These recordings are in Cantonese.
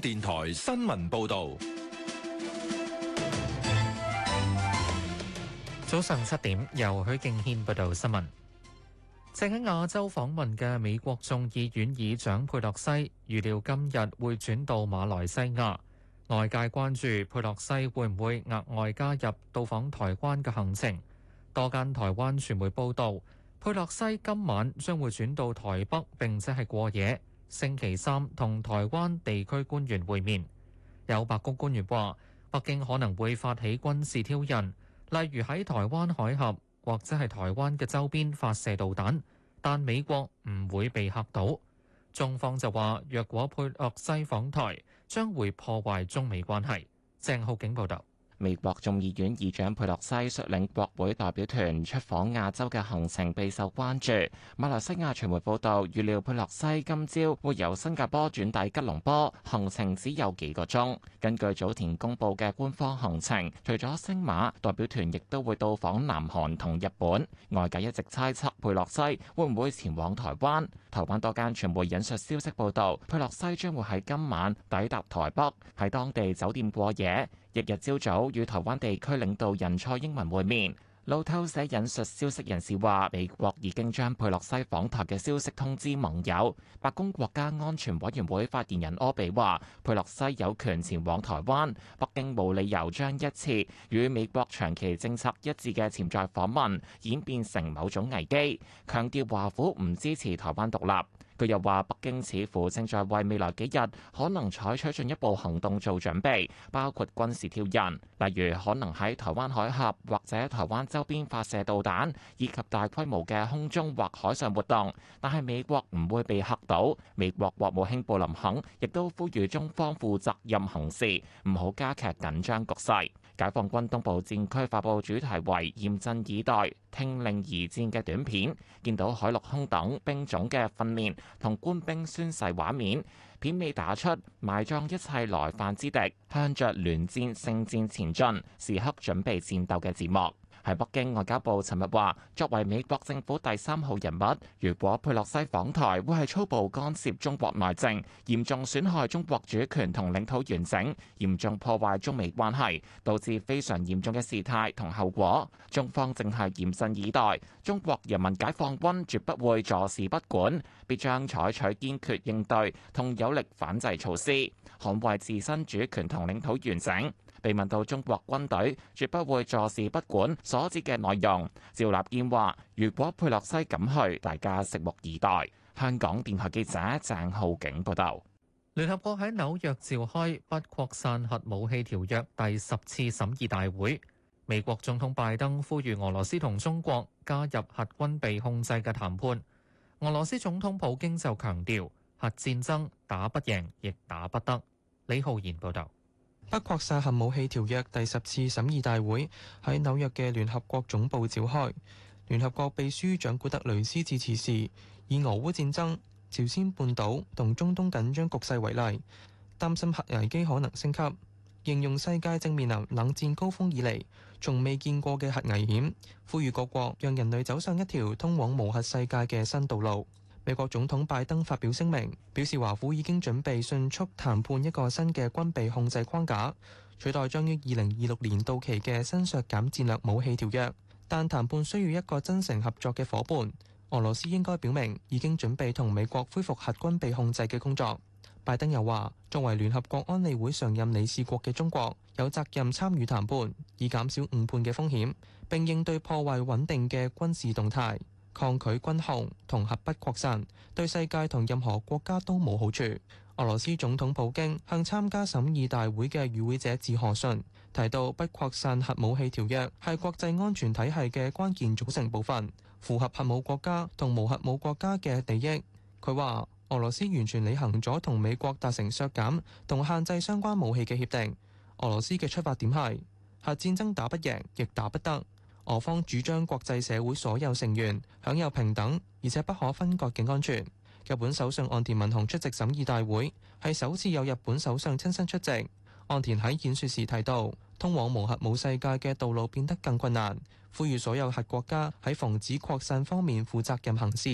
電台新聞報道：早上七點，由許敬軒報道新聞。正喺亞洲訪問嘅美國眾議院議長佩洛西，預料今日會轉到馬來西亞。外界關注佩洛西會唔會額外加入到訪台灣嘅行程。多間台灣傳媒報道，佩洛西今晚將會轉到台北，並且係過夜。星期三同台灣地區官員會面，有白宮官員話，北京可能會發起軍事挑釁，例如喺台灣海峽或者係台灣嘅周邊發射導彈，但美國唔會被嚇到。中方就話，若果佩洛西訪台，將會破壞中美關係。鄭浩景報道。美國眾議院議長佩洛西率領國會代表團出訪亞洲嘅行程備受關注。馬來西亞傳媒報道，預料佩洛西今朝會由新加坡轉抵吉隆坡，行程只有幾個鐘。根據早前公布嘅官方行程，除咗星馬，代表團亦都會到訪南韓同日本。外界一直猜測佩洛西會唔會前往台灣。台灣多間傳媒引述消息報道，佩洛西將會喺今晚抵達台北，喺當地酒店過夜。日日朝早，與台灣地區領導人蔡英文會面。路透社引述消息人士話，美國已經將佩洛西訪台嘅消息通知盟友。白宮國家安全委員會發言人柯比話，佩洛西有權前往台灣，北京冇理由將一次與美國長期政策一致嘅潛在訪問演變成某種危機，強調華府唔支持台灣獨立。佢又話：北京似乎正在為未來幾日可能採取進一步行動做準備，包括軍事挑釁，例如可能喺台灣海峽或者台灣周邊發射導彈，以及大規模嘅空中或海上活動。但係美國唔會被嚇到。美國國務卿布林肯亦都呼籲中方負責任行事，唔好加劇緊張局勢。解放軍東部戰區發布主題為“嚴陣以待，聽令而戰”嘅短片，見到海陸空等兵種嘅訓練同官兵宣誓畫面，片尾打出“埋葬一切來犯之敵，向着聯戰勝戰前進，時刻準備戰鬥”嘅字幕。喺北京外交部尋日話：作為美國政府第三號人物，如果佩洛西訪台，會係粗暴干涉中國內政，嚴重損害中國主權同領土完整，嚴重破壞中美關係，導致非常嚴重嘅事態同後果。中方正係嚴陣以待，中國人民解放軍絕不會坐視不管，必將採取堅決應對同有力反制措施，捍衛自身主權同領土完整。被問到中國軍隊絕不會坐視不管所指嘅內容，趙立堅話：如果佩洛西敢去，大家拭目以待。香港電台記者鄭浩景報道。聯合國喺紐約召開《不擴散核武器條約》第十次審議大會，美國總統拜登呼籲俄羅斯同中國加入核軍備控制嘅談判。俄羅斯總統普京就強調：核戰爭打不贏，亦打不得。李浩然報道。不擴散核武器條約第十次審議大會喺紐約嘅聯合國總部召開。聯合國秘書長古特雷斯致辭時，以俄烏戰爭、朝鮮半島同中東緊張局勢為例，擔心核危機可能升級，形容世界正面臨冷戰高峰以嚟從未見過嘅核危險，呼籲各國讓人類走上一條通往無核世界嘅新道路。美國總統拜登發表聲明，表示華府已經準備迅速談判一個新嘅軍備控制框架，取代將於二零二六年到期嘅新削減戰略武器條約。但談判需要一個真誠合作嘅伙伴，俄羅斯應該表明已經準備同美國恢復核軍備控制嘅工作。拜登又話，作為聯合國安理會常任理事國嘅中國，有責任參與談判，以減少誤判嘅風險，並應對破壞穩定嘅軍事動態。抗拒軍控同核不擴散對世界同任何國家都冇好處。俄羅斯總統普京向參加審議大會嘅與會者致賀信，提到不擴散核武器條約係國際安全體系嘅關鍵組成部分，符合核武國家同無核武國家嘅利益。佢話：俄羅斯完全履行咗同美國達成削減同限制相關武器嘅協定。俄羅斯嘅出發點係核戰爭打不贏，亦打不得。俄方主張國際社會所有成員享有平等，而且不可分割嘅安全。日本首相岸田文雄出席審議大會，係首次有日本首相親身出席。岸田喺演說時提到，通往無核武世界嘅道路變得更困難，呼籲所有核國家喺防止擴散方面負責任行事。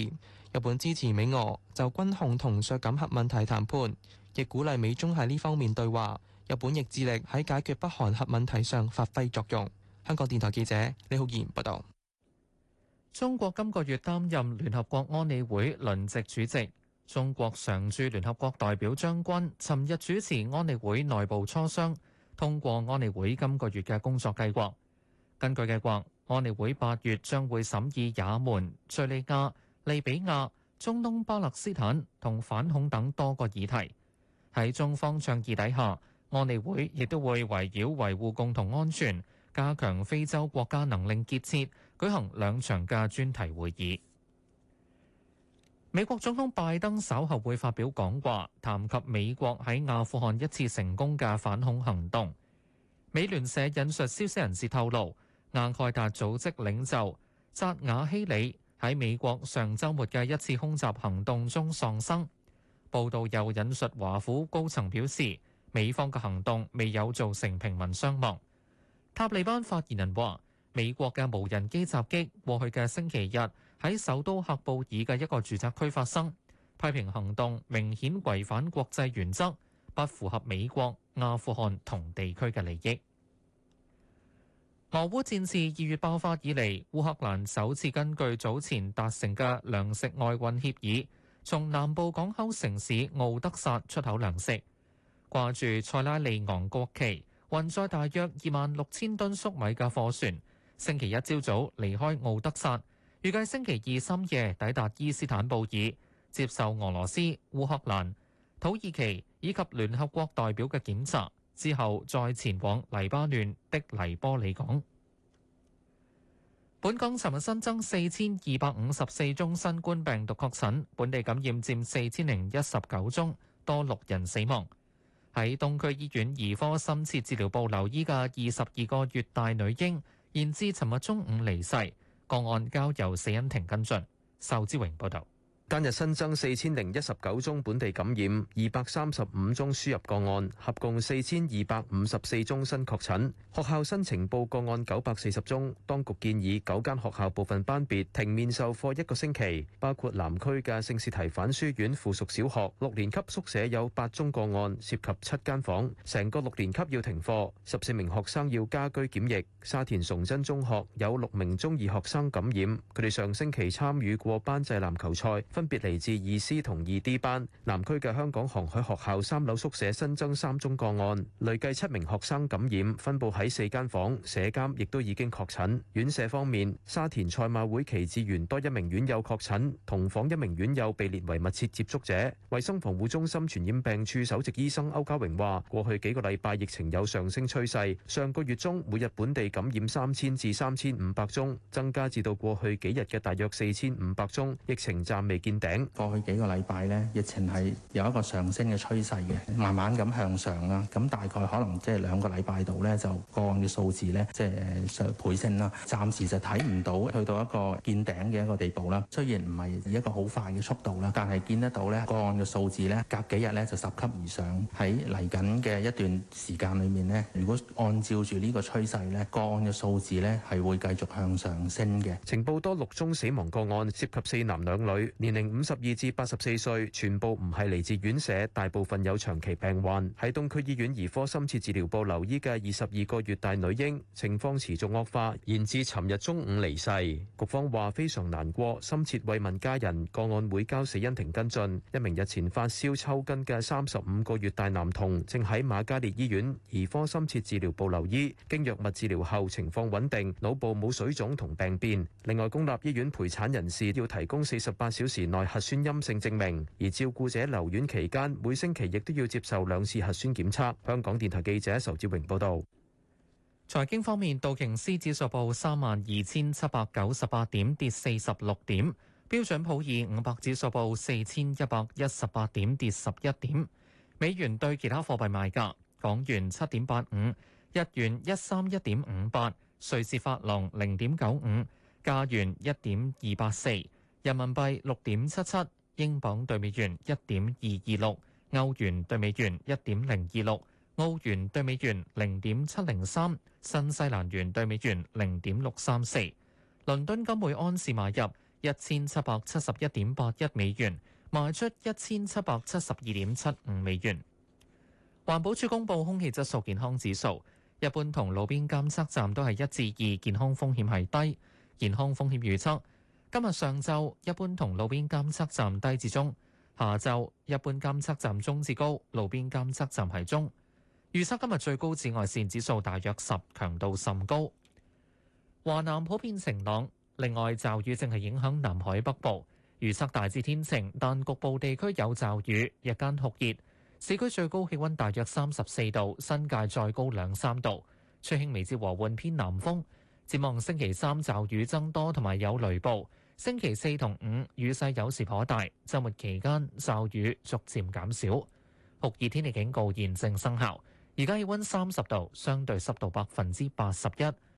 日本支持美俄就軍控同削減核問題談判，亦鼓勵美中喺呢方面對話。日本亦致力喺解決北韓核問題上發揮作用。香港電台記者李浩然報道，中國今個月擔任聯合國安理會輪值主席。中國常駐聯合國代表張軍尋日主持安理會內部磋商，通過安理會今個月嘅工作計劃。根據計劃，安理會八月將會審議也門、敘利亞、利比亞、中東巴勒斯坦同反恐等多個議題。喺中方倡議底下，安理會亦都會圍繞維護共同安全。加強非洲國家能力建設，舉行兩場嘅專題會議。美國總統拜登稍後會發表講話，談及美國喺阿富汗一次成功嘅反恐行動。美聯社引述消息人士透露，阿蓋達組織領袖扎瓦希里喺美國上週末嘅一次空襲行動中喪生。報道又引述華府高層表示，美方嘅行動未有造成平民傷亡。塔利班發言人話：美國嘅無人機襲擊，過去嘅星期日喺首都喀布爾嘅一個住宅區發生，批評行動明顯違反國際原則，不符合美國、阿富汗同地區嘅利益。俄烏戰事二月爆發以嚟，烏克蘭首次根據早前達成嘅糧食外運協議，從南部港口城市敖德薩出口糧食，掛住塞拉利昂國旗。運載大約二萬六千噸粟米嘅貨船，星期一朝早離開奧德薩，預計星期二深夜抵達伊斯坦布爾，接受俄羅斯、烏克蘭、土耳其以及聯合國代表嘅檢查，之後再前往黎巴嫩的黎波里港。本港尋日新增四千二百五十四宗新冠病毒確診，本地感染佔四千零一十九宗，多六人死亡。喺東區醫院兒科深切治療部留醫嘅二十二個月大女嬰，現至尋日中午離世，個案交由死因庭跟進。仇志榮報道。單日新增四千零一十九宗本地感染，二百三十五宗輸入個案，合共四千二百五十四宗新確診。學校申報個案九百四十宗，當局建議九間學校部分班別停面授課一個星期，包括南區嘅聖士提反書院附屬小學，六年級宿舍有八宗個案，涉及七間房，成個六年級要停課，十四名學生要家居檢疫。沙田崇真中學有六名中二學生感染，佢哋上星期參與過班際籃球賽。分別嚟自二 C 同二 D 班，南區嘅香港航海學校三樓宿舍新增三宗個案，累計七名學生感染，分佈喺四間房。舍監亦都已經確診。院舍方面，沙田賽馬會耆智園多一名院友確診，同房一名院友被列為密切接觸者。衞生防護中心傳染病處首席醫生歐家榮話，過去幾個禮拜疫情有上升趨勢，上個月中每日本地感染三千至三千五百宗，增加至到過去幾日嘅大約四千五百宗，疫情暫未見頂。過去幾個禮拜呢，疫情係有一個上升嘅趨勢嘅，慢慢咁向上啦。咁大概可能即係兩個禮拜度呢，就個案嘅數字呢，即係倍升啦。暫時就睇唔到，去到一個見頂嘅一個地步啦。雖然唔係以一個好快嘅速度啦，但係見得到呢個案嘅數字呢，隔幾日呢就拾級而上。喺嚟緊嘅一段時間裏面呢，如果按照住呢個趨勢呢，個案嘅數字呢係會繼續向上升嘅。情報多六宗死亡個案，涉及四男兩女，年。五十二至八十四歲，全部唔係嚟自院舍，大部分有長期病患。喺東區醫院兒科深切治療部留醫嘅二十二個月大女嬰，情況持續惡化，延至尋日中午離世。局方話非常難過，深切慰問家人。個案會交死因庭跟進。一名日前發燒抽筋嘅三十五個月大男童，正喺瑪嘉烈醫院兒科深切治療部留醫，經藥物治療後情況穩定，腦部冇水腫同病變。另外，公立醫院陪産人士要提供四十八小時。年內核酸陰性證明，而照顧者留院期間每星期亦都要接受兩次核酸檢測。香港電台記者仇志榮報道。財經方面，道瓊斯指數報三萬二千七百九十八點，跌四十六點；標準普爾五百指數報四千一百一十八點，跌十一點。美元對其他貨幣賣價：港元七點八五，日元一三一點五八，瑞士法郎零點九五，加元一點二八四。人民幣六點七七，英鎊對美元一點二二六，歐元對美元一點零二六，澳元對美元零點七零三，新西蘭元對美元零點六三四。倫敦金每安士買入一千七百七十一點八一美元，賣出一千七百七十二點七五美元。環保署公布空氣質素健康指數，一般同路邊監測站都係一至二，健康風險係低，健康風險預測。今日上晝一般同路邊監測站低至中，下晝一般監測站中至高，路邊監測站係中。預測今日最高紫外線指數大約十，強度甚高。華南普遍晴朗，另外驟雨正係影響南海北部。預測大致天晴，但局部地區有驟雨，日間酷熱。市區最高氣温大約三十四度，新界再高兩三度。吹輕微至和緩偏南風。展望星期三，驟雨增多同埋有雷暴。星期四同五，雨勢有時頗大。周末期間，驟雨逐漸減少。酷熱天氣警告現正生效。而家氣温三十度，相對濕度百分之八十一。